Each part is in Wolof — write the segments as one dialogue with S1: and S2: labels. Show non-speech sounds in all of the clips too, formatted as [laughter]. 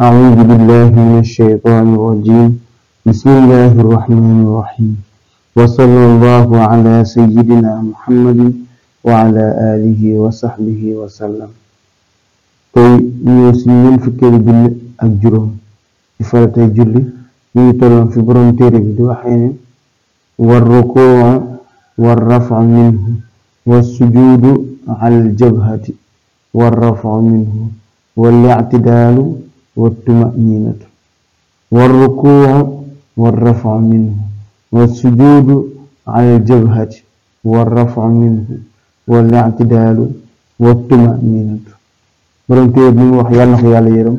S1: أعوذ بالله من الشيطان الرجيم بسم الله الرحمن الرحيم وصلى الله على سيدنا محمد وعلى آله وصحبه وسلم tey ñëw si ñeent fukkeelu julli ak juróom ci faratay julli ñuy tolloon fi borom téere bi di waxee ne war rukuu war rafu minhu wa sujuudu ala aljabhati war rafu minhu wal i'tidaalu والطمأنينة والركوع والرفع منه والسجود على الجبهة والرفع منه والاعتدال والطمأنينة borom téere bi mu wax yàlla na ko yàlla yërëm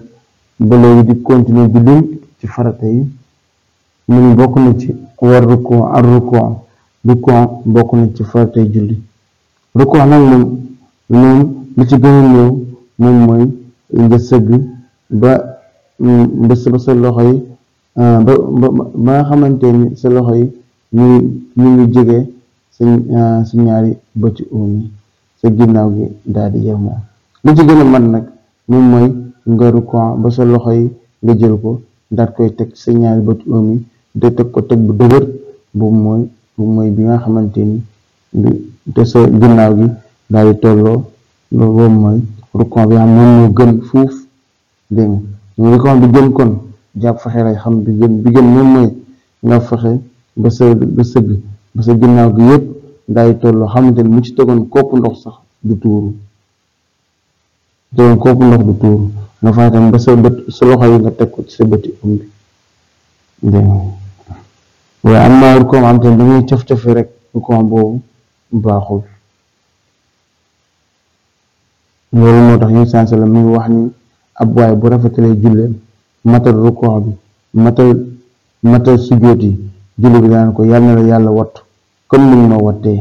S1: ba léegi di continuer di lim ci farata bokk na ci war rukkoo ar rukkoo bokk na ci farata yi julli nag moom moom li ci gën néew moom mooy nga sëgg ba mbës mm, ba sa loxo yi ah, ba ba nga xamante ni sa loxo yi ñu ñu ngi jege sa ah, ñaari bëti uum yi sa ginnaaw gi daal di yemoo li ci gën a nag moom mooy nga rukkoo ba sa loxo yi nga jël ko dal koy teg sa ñaari bëti uum yi de teg ko teg bu dëgër bu mooy bu mooy bi nga xamante ni bi te sa ginnaaw gi daal di tolloo loolu mooy rukkoo bi am moom moo gën fuuf dégg nga ko bi gën kon jàpp fexe lay xam bi gën bi gën moom mooy nga fexe ba sa ba sëgg ba sa ginnaaw gi yëpp daay tolloo xamante ne mu ci tegoon kopp ndox sax du tuuru tegoon kopp ndox du tuuru nga fexe tam ba sa bët sa loxo yi nga teg ko ci sa bëti um bi dégg nga waaye am naa ru am te da ngay caf rek ru boobu baaxul loolu moo tax ñu sànse la muy wax ni ab waay bu rafetalee julleem matal rukkoo bi matal matal sujjóot yi julli bi daan ko yàlla na la yàlla wattu comme ni ma wattee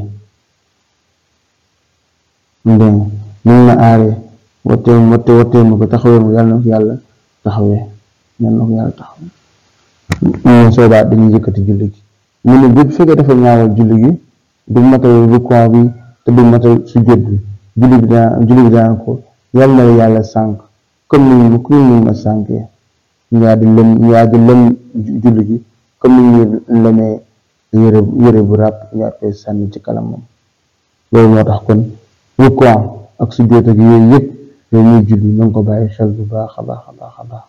S1: ndeng ni ma aaree wattee ma ko taxawee ma yàlla na ko yàlla taxawee yàlla na ko yàlla taxawee mu ne soobaa dañuy yëkkati julli gi mu ne bu fekkee dafa ñaawal julli gi du matal rukkoo bi te du matal sujjóot bi julli bi daan ko yàlla na la yàlla sànk comme ni ñu ma sànkee ñu di lëm ñu di lëm julli gi comme ni ñu lëmee yére yére bu ràpp ñu koy sànni ci kanam moom loolu moo tax kon rukwa ak sujjóot ak yooyu yëpp yooyu ñuy julli na ko bàyyi xel bu baax a baax a baax a baax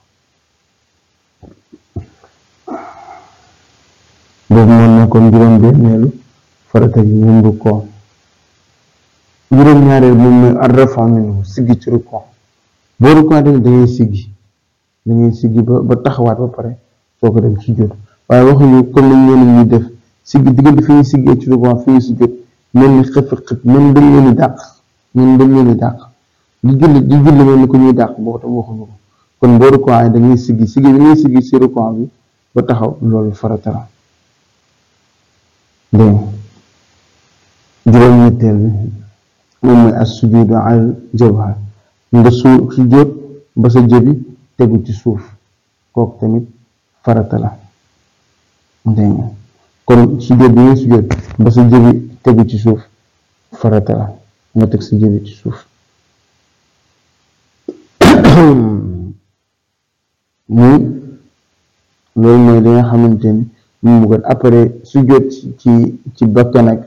S1: boobu moo nekkoon juróom benneelu farata bi moom rukwa juróom ñaareel moom mooy arrafa minhu siggi ci rukwa booru ko tamit da ngay siggi da ngay ba taxawaat ba pare soo ko dem ci jot waaye waxuñu comme ni ñeneen ñuy def siggi diggante fi ñuy siggee ci ruban fi ñuy sujjóot mel ni xëpp xëpp mel leen di dàq ñun dañ leen di ni ko ñuy dàq boo tam waxuñu ko kon booru ko da ngay siggi siggi bi ngay ci ruban bi ba taxaw loolu farata la dégg juróom ñetteel moom mooy as sujudu al jawhar nga su sujjóot ba sa jëbi tegu ci suuf kooku tamit farata la dégg nga kon sujjóot bi ngay sujjóot ba sa jëbi tegu ci suuf farata la nga teg sa jëbi ci suuf [coughs] muy loolu mooy li nga xamante ni mu mu gën sujjóot ci ci bakkan ak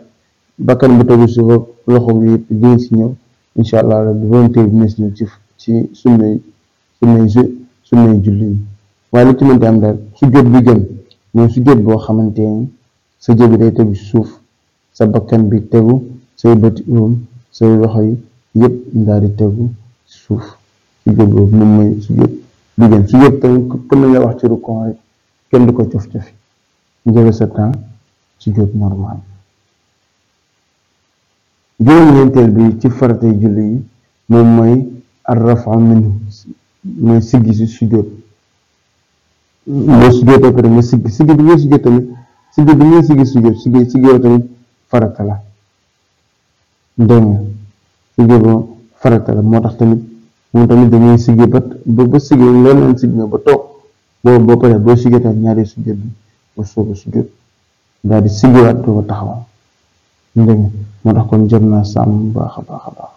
S1: bakkan bu tegu suuf ak loxo bi yëpp dinañ si ñëw incha allah rabbi volonté bi nekk na ci ci suñuy suñuy suñuy julli waaye li ci mënti am daal sujjóot bi gën mooy sujjóot boo xamante sa jëbi day tegu suuf sa bakkan bi tegu say bëti óom say loxo yi yëpp tegu suuf sujjóot boobu moom mooy sujjóot bi gën sujjóot tamit comme ni nga wax ci rukkoo rek kenn du ko cof-cofi njëriñ sa temps sujjóot normal. juróom-ñeenteel bi ci faratay julli yi moom mooy arrafa minhu mooy siggi si sujjóot mooy sujjóot ba pare nga siggi siggi bi ngay sujjóot tamit sujjóot siggi siggi yow tamit farata la dégg nga siggi farata la moo tax tamit moom tamit dañuy siggi ba ba siggi loolu naan siggi nga ba sujjóot bi ba sooga sujjóot daal di taxaw dégg nga moo tax kon jot naa sàmm baax a baax a baax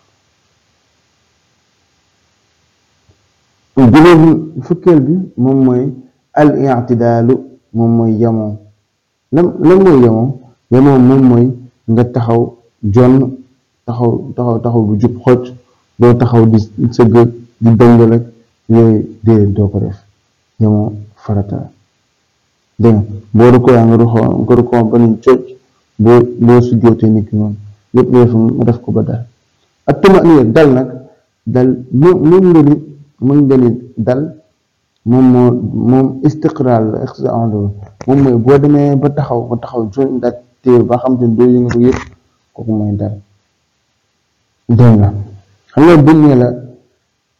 S1: juróom fukkeel bi moom mooy al i'tidaalu moom mooy yamoo lan lan mooy yamoo yamoo moom mooy nga taxaw jonn taxaw taxaw taxaw bu jub xocc doo taxaw di sëgg di dongal ak yooyu déedéet doo ko def yamoo farata dégg nga boo rukkoo yaa nga rukkoo nga rukkoo ba ni cocc boo boo su nit ki yëpp yëpp def ko ba dal ak tumaniya dal nag dal mu mu ngëni mu ngëni dal boo demee ba taxaw ba taxaw joon daal ba xam te doo yëngatu yëpp kooku mooy dal dégg nga xam nga buñ ne la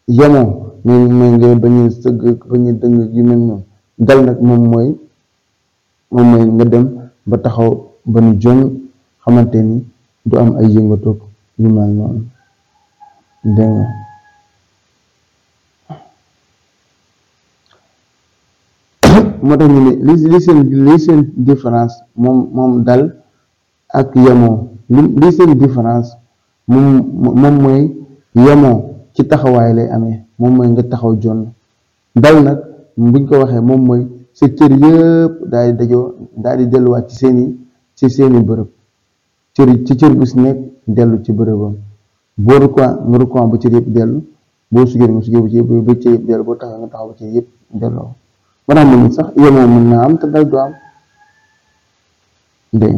S1: yemoo mais mais nga bañ a sëgg dal moom mooy moom mooy nga dem ba taxaw ba nu jom xamante ni du am ay yëngatu yu mel noonu dégg moo tax ñu ne li seen différence moom moom ak yemoo li li seen mooy yemoo ci taxawaay lay amee moom mooy nga taxaw jonn dal nag buñ ko waxee moom mooy sa cër yëpp daal di dajoo daal di delluwaat ci seeni ci seeni bërëb cër ci cër bu nekk dellu ci bërëbam boo rukkoon nga rukkoon ba cër dellu boo sujjóot nga sujjóot ba cër dellu boo taxaw nga taxaw ba delloo ba tax mu sax yemoo mën naa am te dal am dégg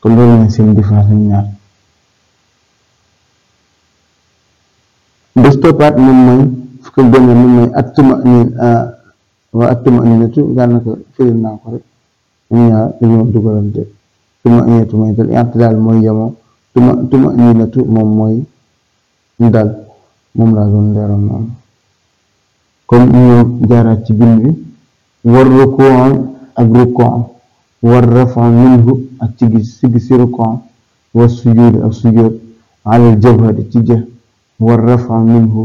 S1: kon loolu lañ seen différence ñu ñaar bés toppaat moom mooy fukk ak benn moom mooy ak tuma ni ah, waa ak tuma ni netu daanaka firil naa ko rek ñoom ñaar dañoo dugalante tuma mooy dal tuma tuma moom mooy dal moom laa doon leeral noonu comme ñoo jaaraat ci bind bi war rukuun ak rukuun war rafaa minhu ak ci si rukuun war sujuud ak sujuud alal jabhati ci jë war rafaa minhu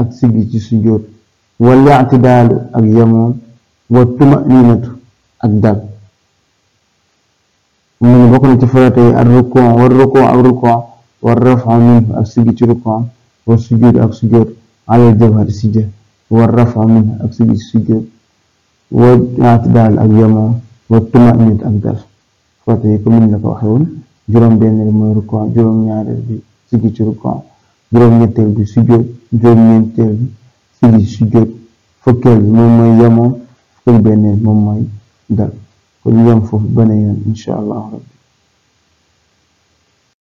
S1: ak sigi ci sujuud wal i'tidaalu ak yemoo war tuma niinatu ak dal mu bokk na ci farata ar ruku war ruku ak ruku war rafa minhu ak sigi ci ruku war sujud ak sujud ala jabhar sijja war rafa minhu ak sigi ci sujud war atdal ak yamoo war tumanit ak dal farata yi comme ni la ko waxee woon juróom benn mooy ruku juróom ñaareel bi sigi ci ruku juróom ñetteel bi sujud juróom ñeenteel bi moom mooy yamoo fukkeel benneel moom mooy dal pour ñu yem foofu beneen yoon incha allah.